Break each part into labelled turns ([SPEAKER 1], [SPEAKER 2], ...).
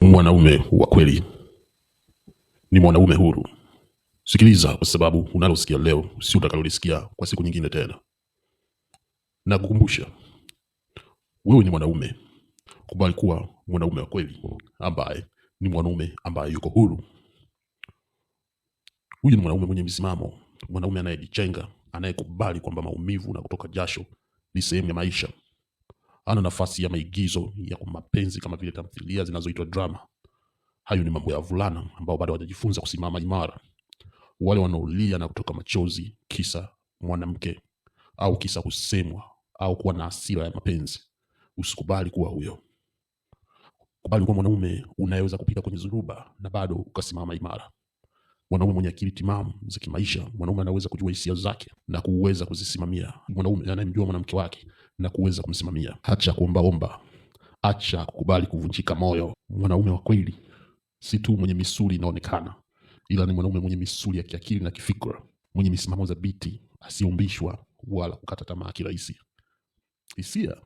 [SPEAKER 1] Mwanaume wa kweli ni mwanaume huru. Sikiliza, kwa sababu unalosikia leo si utakalolisikia kwa siku nyingine tena. Na kukumbusha wewe ni mwanaume, kubali kuwa mwanaume wa kweli, ambaye ni mwanaume ambaye yuko huru. Huyu ni mwanaume mwenye misimamo, mwanaume anayejichenga, anayekubali kwamba maumivu na kutoka jasho ni sehemu ya maisha ana nafasi ya maigizo ya mapenzi kama vile tamthilia zinazoitwa drama. Hayo ni mambo ya vulana ambao bado hawajajifunza kusimama imara, wale wanaolia na kutoka machozi kisa mwanamke au kisa kusemwa au kuwa na asira ya mapenzi. Usikubali kuwa huyo. Kubali kuwa mwanaume unaweza kupita kwenye dhuruba na bado ukasimama imara. Mwanaume mwenye akili timamu za kimaisha, mwanaume anaweza kujua hisia zake na kuweza kuzisimamia, mwanaume anayemjua mwanamke wake na kuweza kumsimamia. hacha kuombaomba, acha kukubali kuvunjika moyo. Mwanaume wa kweli si tu mwenye misuli inaonekana, ila ni mwanaume mwenye misuli ya kiakili na kifikra, mwenye misimamo thabiti, asiumbishwa wala kukata tamaa kirahisi. Hisia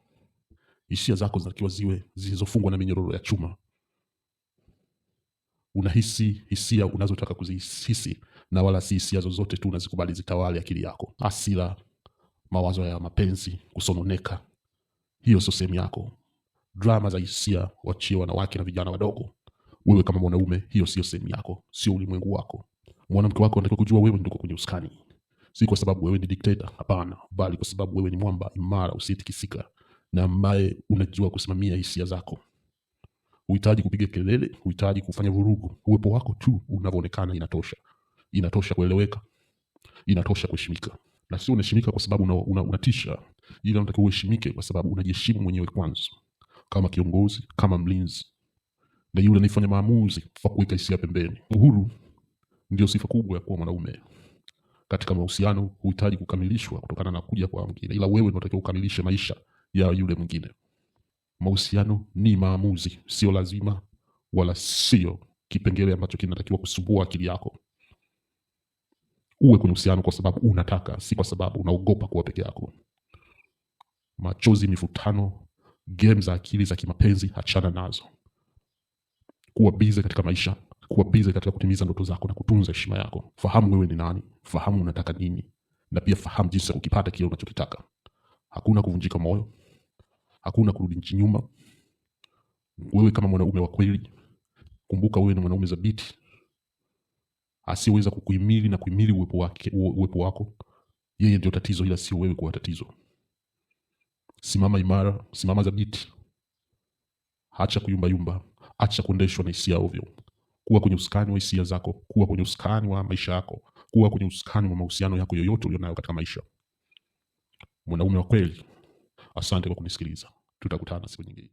[SPEAKER 1] hisia zako zinatakiwa ziwe zilizofungwa na minyororo ya chuma. Unahisi hisia unazotaka kuzihisi na wala si hisia zozote tu unazikubali zitawale akili yako. asira mawazo ya mapenzi, kusononeka, hiyo sio sehemu yako. Drama za hisia wachie wanawake na vijana wadogo. Wewe kama mwanaume, hiyo sio sehemu yako, sio ulimwengu wako. Mwanamke wako anatakiwa kujua wewe ndio kwenye usukani, si kwa sababu wewe ni dikteta, hapana, bali kwa sababu wewe ni mwamba imara usitikisika, na ambaye unajua kusimamia hisia zako. Huhitaji kupiga kelele, huhitaji kufanya vurugu. Uwepo wako tu unavyoonekana inatosha, inatosha kueleweka, inatosha kuheshimika na sio unaheshimika kwa sababu unatisha una, una ili unatakiwa uheshimike kwa sababu unajiheshimu mwenyewe kwanza, kama kiongozi, kama mlinzi na yule anayefanya maamuzi kwa kuweka hisia pembeni. Uhuru ndio sifa kubwa ya kuwa mwanaume. Katika mahusiano huhitaji kukamilishwa kutokana na kuja kwa mwingine, ila wewe unatakiwa ukamilishe maisha ya yule mwingine. Mahusiano ni maamuzi, sio lazima wala sio kipengele ambacho kinatakiwa kusumbua akili yako uwe kwenye uhusiano kwa sababu unataka, si kwa sababu unaogopa kuwa peke yako. Machozi, mifutano game za akili za kimapenzi, hachana nazo. Kuwa bize katika maisha, kuwa bize katika kutimiza ndoto zako na kutunza heshima yako. Fahamu wewe ni nani, fahamu unataka nini, na pia fahamu jinsi ya kukipata kile unachokitaka. Hakuna kuvunjika moyo, hakuna kurudi nchi nyuma. Wewe kama mwanaume wa kweli, kumbuka wewe ni mwanaume dhabiti asiyeweza kukuhimili na kuhimili uwepo, wake, uwepo wako yeye ndio tatizo ila sio wewe kuwa tatizo simama imara simama zabiti hacha kuyumbayumba hacha kuendeshwa na hisia ovyo kuwa kwenye usukani wa hisia zako kuwa kwenye usukani wa maisha yako kuwa kwenye usukani wa mahusiano yako yoyote ulionayo katika maisha mwanaume wa kweli asante kwa kunisikiliza tutakutana siku nyingine